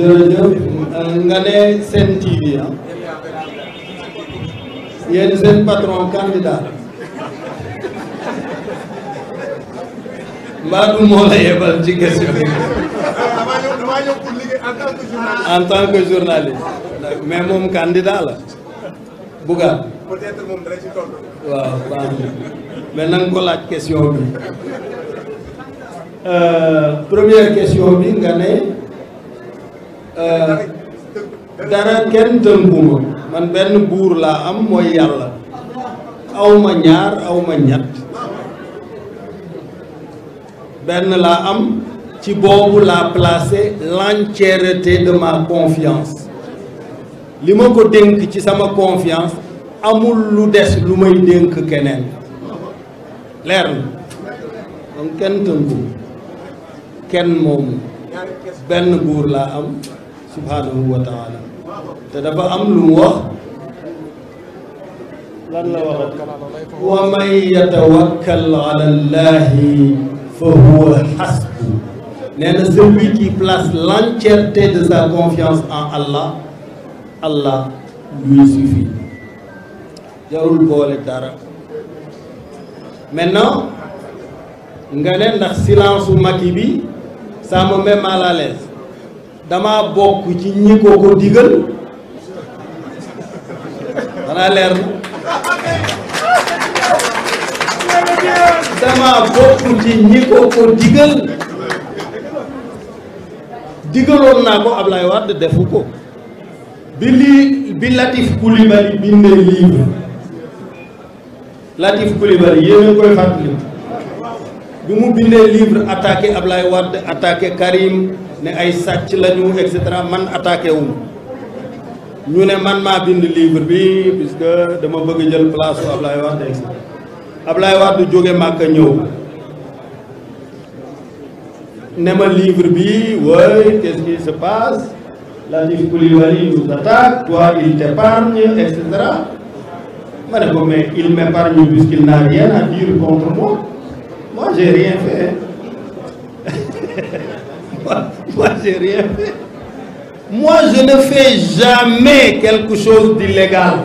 jërëjëf nga ne seen TV ah yéen seen patron candidat Mbadou moo la yebal ci question bi. en tant que journaliste. mais moom candidat la. Bougane. waaw baax na mais na bi. Euh, première question bi nga ne. Euh, dara kenn tënkuma man benn buur laa am mooy yàlla awma ñaar awma ñett benn laa am ci boobu laa placé l'entièreté de confiance li ma ko dénk ci sama confiance amul lu des lu may dénk keneen leer na donc kenn tënku kenn moomu benn buur laa am subhaanahu wa te dafa am lu mu wax lan la waxat wa fa huwa hasbu nee na celui qui place l'entièreté de sa confiance en Allah Allah lui suffit jarul boole dara maintenant nga ne ndax silence su Macky bi ça me met mal dama bokk ci ñi ko ko digal xanaa leer ko ko digal digaloon defu ko bi lii bi Latif Coulibaly bindee livre Latif Coulibaly yéen a koy fàttali bi mu bindee livre attaqué Ablaye Wade attaqué Karim ne ay sàcc lañu et man attaqué wu ñu ne man maa bind livre bi puisque dama bëgg jël place su Ablaye Wade et cetera Ablaye Wade jóge Màkka ñëw ne ma livre bi wooy qu'est-ce qui se passe Ladjif Coulibaly nous attaque toi il t'épargne et cetera ma ne ko mais il m'épargne puisqu'il n'a rien à dire contre moi j'ai rien fait. moi, moi j'ai rien fait. Moi, je ne fais jamais quelque chose d'illégal.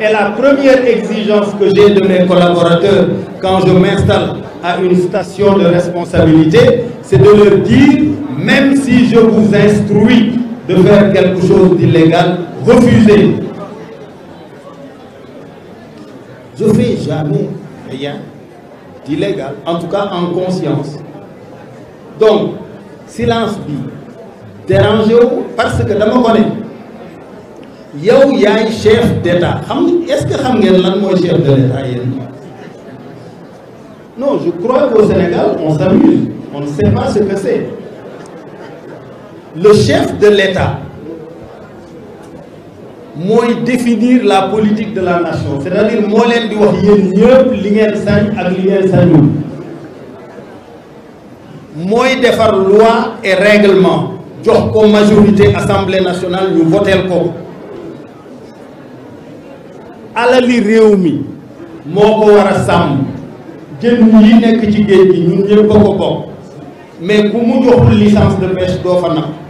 Et la première exigence que j'ai de mes collaborateurs quand je m'installe à une station de responsabilité, c'est de leur dire, même si je vous instruis de faire quelque chose d'illégal, refusez. Je ne fais jamais rien d'illégal en tout cas en conscience donc silence bi dérangé ou parce que dama ko ne yow yaay chef d'état xam est-ce que xam ngeen lan mooy chef de l'état yéen non je crois qu'au Sénégal on s'amuse on ne sait pas ce que c'est le chef de l'état mooy définir la politique de la nation c'est-à-dire moo leen di wax yéen ñëpp li ngeen sañ ak li ngeen sañul mooy defar loi et règlement jox ko majorité assemblée nationale ñu voteel ko alali réew mi moo ko war a sàmm jën yi nekk ci géej gi ñun ñëpp ko ko bokk mais ku mu joxul licence de pêche doo fa napp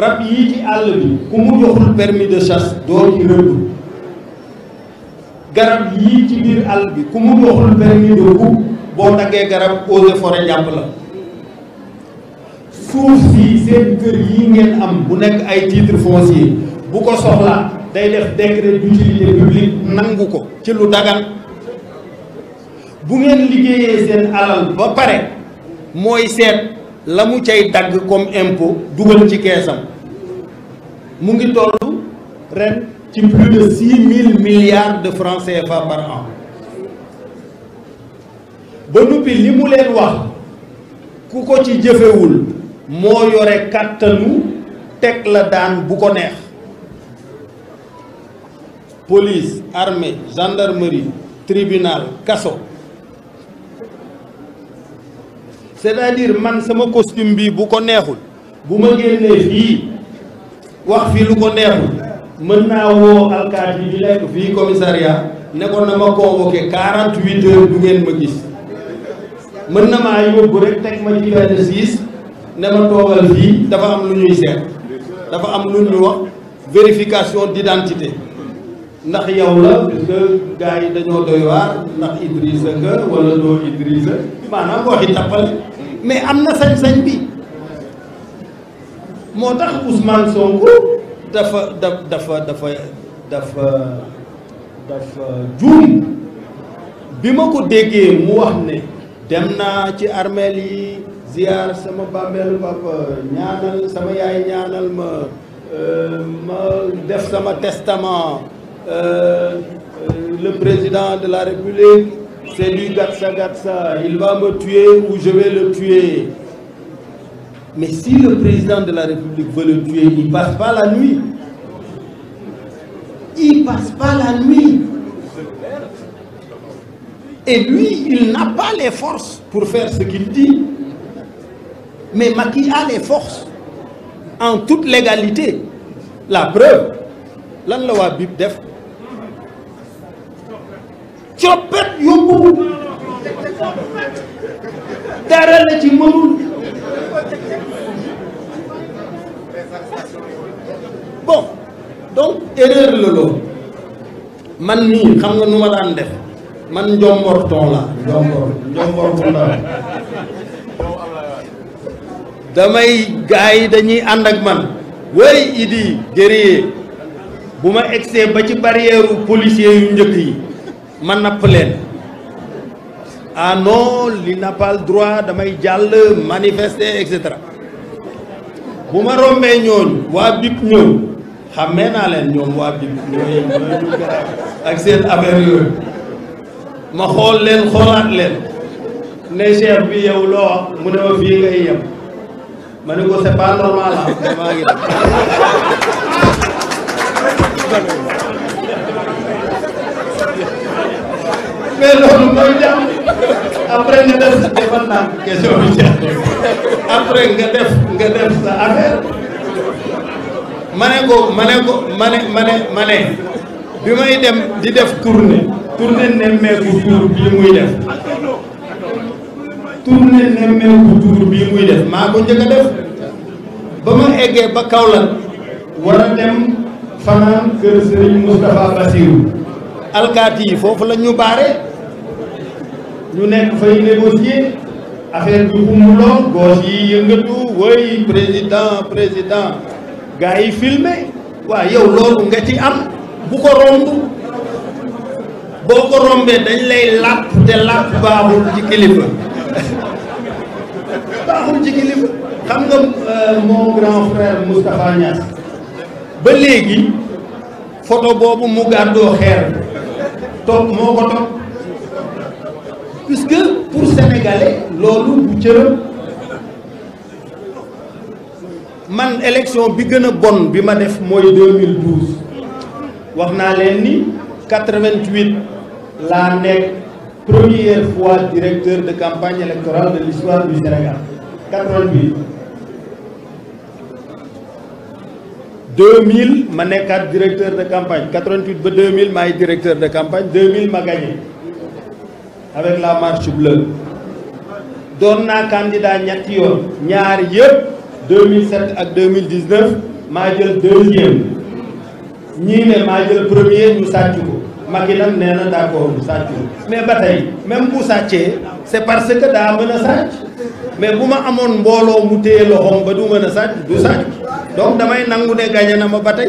rab yii ci àll bi ku mu joxul permis de chasse doo ci rëbb garab yii ci biir àll bi ku mu joxul permis de coupe boo daggee garab eaux et forêts la suuf si seen kër yi ngeen am bu nekk ay titre foncier bu ko soxlaa day def décret d'utilité publique nangu ko ci lu dagan bu ngeen liggéeyee seen alal ba pare mooy seet lamu mu cay dagg comme impôt dugal ci keesam mu ngi toll ren ci plus de mille milliards de francs CFA par ba nuppi li mu leen wax ku ko ci jëfewul moo yore kàttanu teg la daan bu ko neex police armée gendarmerie tribunal kaso c'est-à-dire man sama costume bi bu ko neexul bu ma génnee fii wax fii lu ko neexul mën naa woo alkaati bi lekk fii commissariat ne ko na ma convoqué quarante huit heures du ngeen ma gis mën na maa yóbbu rek teg ma ci benn siis ne ma toogal fii dafa am lu ñuy seet dafa am lu ñuy wax vérification d'identité ndax yow la puisque gars yi dañoo doy waar ndax Idrissa nga wala doo Idrissa maanaam waxi tappale mais am na sañ-sañ bi moo tax Ousmane Sonko dafa dafa dafa dafa dafa dafa juum bi ma ko déggee mu wax ne dem naa ci armeel yi ziyaar sama bàmmeelu papa ñaanal sama yaay ñaanal ma euh, ma def sama testament euh, euh, le président de la république c'est du gatsa gatsa, il va me tuer ou je vais le tuer. Mais si le président de la République veut le tuer, il passe pas la passe pas la nuit. Et lui, il n'a pas les forces pour faire ce qu'il dit. Mais Macky a les forces en toute légalité. La preuve, lan la waa BIP def coppet yóbbu dara la ci mënul bon donc erreur la loolu man nii xam nga nu ma daan def man njomborton la njombor njomborton la damay gars dañuy ànd ak man way idi guerrier bu ma egsee ba ci barrière policier yu njëkk yi ma napp leen ano ah non li n'a droit damay jàll manifester et bu ma rombee ñooñu waa BIP ñëw xàmmee naa leen ñoom waa BIP ñooy ñooñu garab ak seen affaire yooyu ma xool leen xoolaat leen ne chef bi yow loo wax mu ne ma fii ngay yem ma ne ko c'est pas normal ah maa ngi mais loolu mooy jàmm après nga def defal naa question bi après nga def nga def sa affaire ma ko ma ko ma ne ma bi may dem di def tournée tournée nemmeeku tour bii muy def tournée nemmeeku tour bii muy def maa ko njëkk def ba ma eggee ba Kaolack war a dem fanaan kër Serigne Moustapha Bassirou alkaati yi foofu la baare ñu nekk fay négocier affaire bi xumb lool gauche yi yëngatu way président président gars yi filmer waaw yow loolu nga ci am bu ko romb boo ko rombee dañ lay làpp te làpp baaxul ci kilifa baaxul ci kilifa xam nga euh, mon grand frère Moustapha Niass ba léegi photo boobu mu gàddoo xeer toog moo ko toog puisque pour sénégalais loolu du cëram man élection bi gën a bon bi ma def mooy 2012 wax naa leen ni 88 laa nekk première fois directeur de campagne électorale de l'histoire du Sénégal 88 2000 ma nekkaat directeur de campagne 88 ba 2000 maay directeur de campagne 2000 ma gagné. avec la marche bleue doon naa candidat ñetti yoon ñaar yëpp 2007 ak 2019 maa jël deuxième ñii ne maa jël premier ñu sàcc ko Macky nag nee na d'accord ñu sàcc ko mais ba tey même bu sàccee c'est parce que daa mën a sàcc mais bu ma amoon mbooloo mu téye loxoom ba du mën a sàcc du sàcc donc damay nangu ne gagné na ma ba tey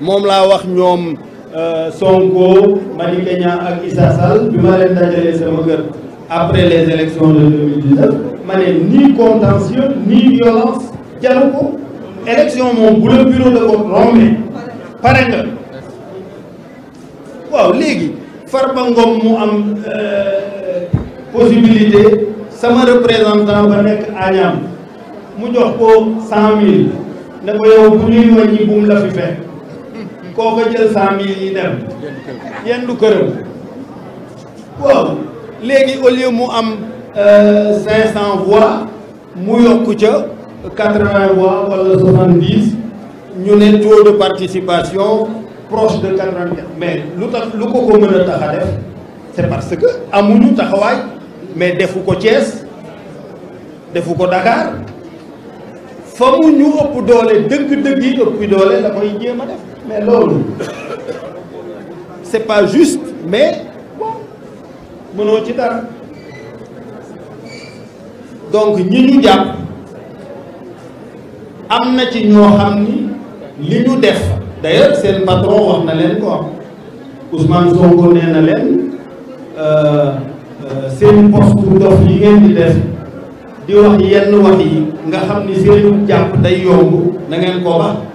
moom laa wax ñoom. Euh, Sonko Madické Niang ak Issa Sall bi leen dajalee sama kër après les élections de 2019 ma ne ni contentieux ni violence jaru ko élection moom bu la bureau de vote rombé pare nga waaw léegi Farba Ngom mu am euh, possibilité sama représentant ba nekk Agnam mu jox ko cent mille ne ko yow bu ñuy wàññi bu la fi fekk kooka jël cent mille yi dem yendu këram waaw léegi au lieu mu am euh, cinq cent voix mu yokku ca quatre-vingts voix wala soixante-dix ñu ne taux de participation proche de quatre-vingt mais lu tax lu ko ko mën a tax def c'est parce que amuñu taxawaay mais defu ko Thiès defu ko Dakar fa mu ñu ëpp doole dëgg-dëgg yi ëpp doole la jéem a def mais loolu c'est pas juste mais bon ci dara donc ñi ñu jàpp am na ci ñoo xam ni li ñu def d'ailleurs seen patron wax na leen ko Ousmane Sonko nee na leen euh, euh, seen poste dof yi ngeen di def di wax yenn wax yi nga xam ni seen jàpp day yomb na ko ba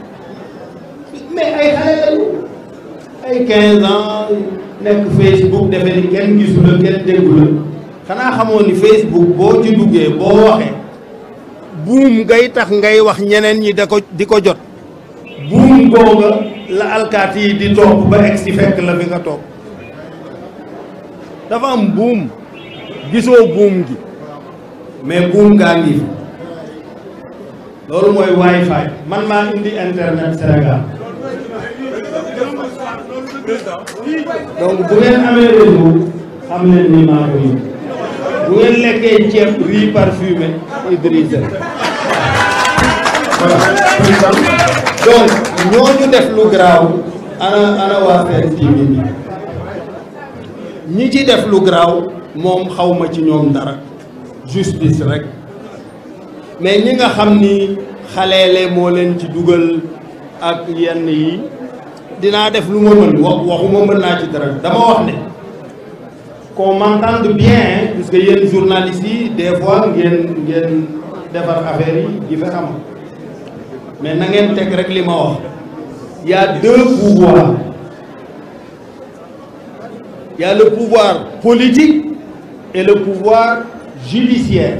mais ay xale lañu nekk Facebook defe ni kenn gisu la kenn déggu la xanaa xamoon ni Facebook boo ci duggee boo waxee buum ngay tax ngay wax ñeneen yi da ko di ko jot buum googa la alkaat yi di topp ba egg si fekk la fi nga toog dafa am buum gisoo buum gi mais buum gaa ngi loolu mooy wifi man maa indi internet Sénégal donc bu ngeen amee réseau xam leen ni maa ko yëg bu ngeen lekkee ceeb riz parfumé Idrissa donc ñooñu def lu garaaw ana ana waa Sen TV ñi ci def lu garaaw moom xawma ci ñoom dara justice rek mais ñi nga xam ni xaleele moo leen ci dugal ak yenn yi dinaa def lu ma mën wax waxuma mën naa ci dara dama wax ne qu'on m'entende bien parce que yéen journalistes yi des ngeen ngeen defar affaire yi di fa am mais na teg rek li ma wax y a deux pouvoirs y le pouvoir politique et le pouvoir judiciaire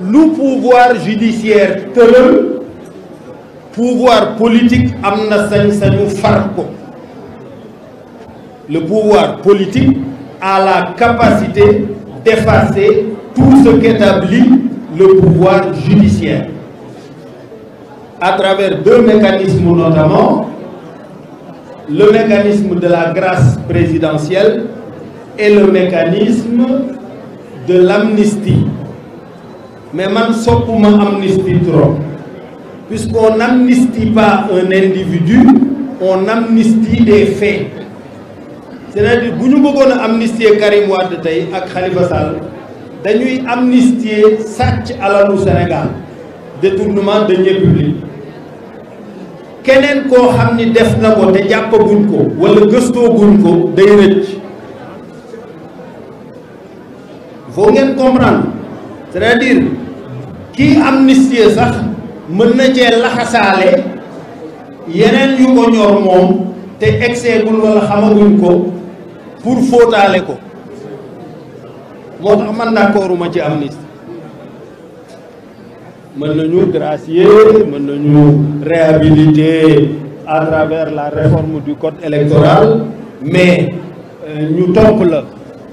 lu pouvoir judiciaire tëral pouvoir politique am na sañ-sañu far ko le pouvoir politique a la capacité d'effacer tout ce qu'établit le pouvoir judiciaire à travers deux mécanismes notamment le mécanisme de la grâce présidentielle et le mécanisme de l'amnistie mais man soppuma amnistie trop Puisqu'on n'amnistie pas un individu, on amnistie des faits. C'est-à-dire bu ñu bëggoon a amnistier Karim Wade tey ak Khalifa Sall dañuy amnistier sàcc alalu Sénégal détournement de deniers publics keneen koo xam ni def na ko te jàppaguñ ko wala gëstooguñ ko day rëcc foo ngeen comprendre c'est-à-dire kii amnistier sax. mën na cee laxasaale yeneen yu ko ñor moom te egseegul wala xamaguñ ko pour fóotaale ko moo tax man d'accorduma ci amnistie mën nañu gracier mën nañu réhabiliter à travers la réforme du code électoral mais euh, ñu topp la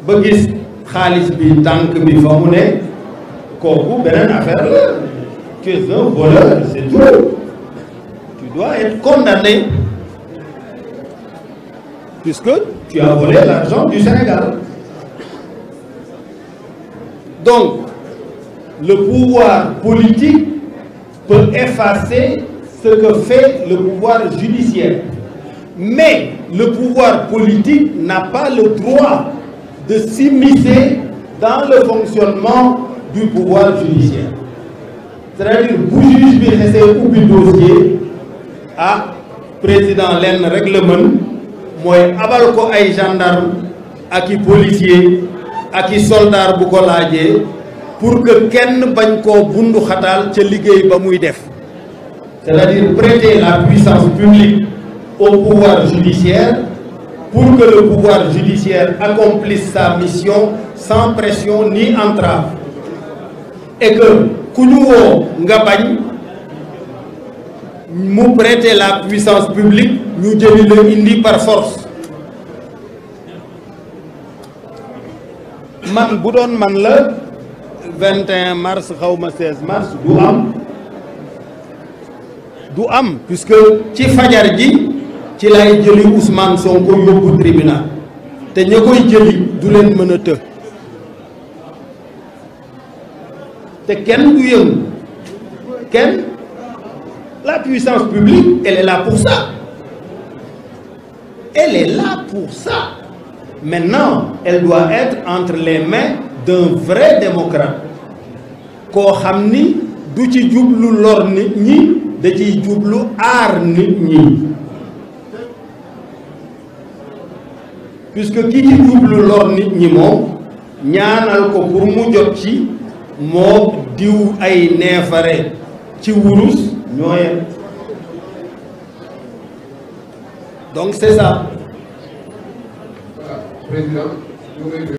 ba gis xaalis bi tànk bi fa mu ne kooku beneen affaire la tu es un voleur, c'est tout. Tu dois être condamné puisque tu as volé l'argent du Sénégal. Donc, le pouvoir politique peut effacer ce que fait le pouvoir judiciaire. Mais le pouvoir politique n'a pas le droit de s'immiscer dans le fonctionnement du pouvoir judiciaire. c'est-à-dire bu juge bi xesee ubbi dossier ah président lenn rek la mën mooy abal ko ay gendarme ak i policier ak i soldat bu ko laajee pour que kenn bañ koo bundu ca liggéey ba muy def c'est-à-dire prêter la puissance publique au pouvoir judiciaire pour que le pouvoir judiciaire accomplisse sa mission sans pression ni entrave et ku ñu woo nga bañ mu prêter la puissance publique ñu jëli la indi par man bu doon man la 21 mars xaw ma 16 mars du am du am puisque ci fajar ji ci lay jëli Ousmane Sonko yóbbu tribunal te ña koy jëli du leen mën a të te kenn du yëngu kenn la puissance publique elle est là pour ça elle est là pour ça maintenant elle doit être entre les mains d'un vrai démocrate koo xam ni du ci jublu lor nit ñi da ciy jublu aar nit ñi puisque ki ci jublu lor nit ñi moom ñaanal ko pour mu jot ci moo diw ay neefare ci wurus ñoo yem donc c'est ça. Ah,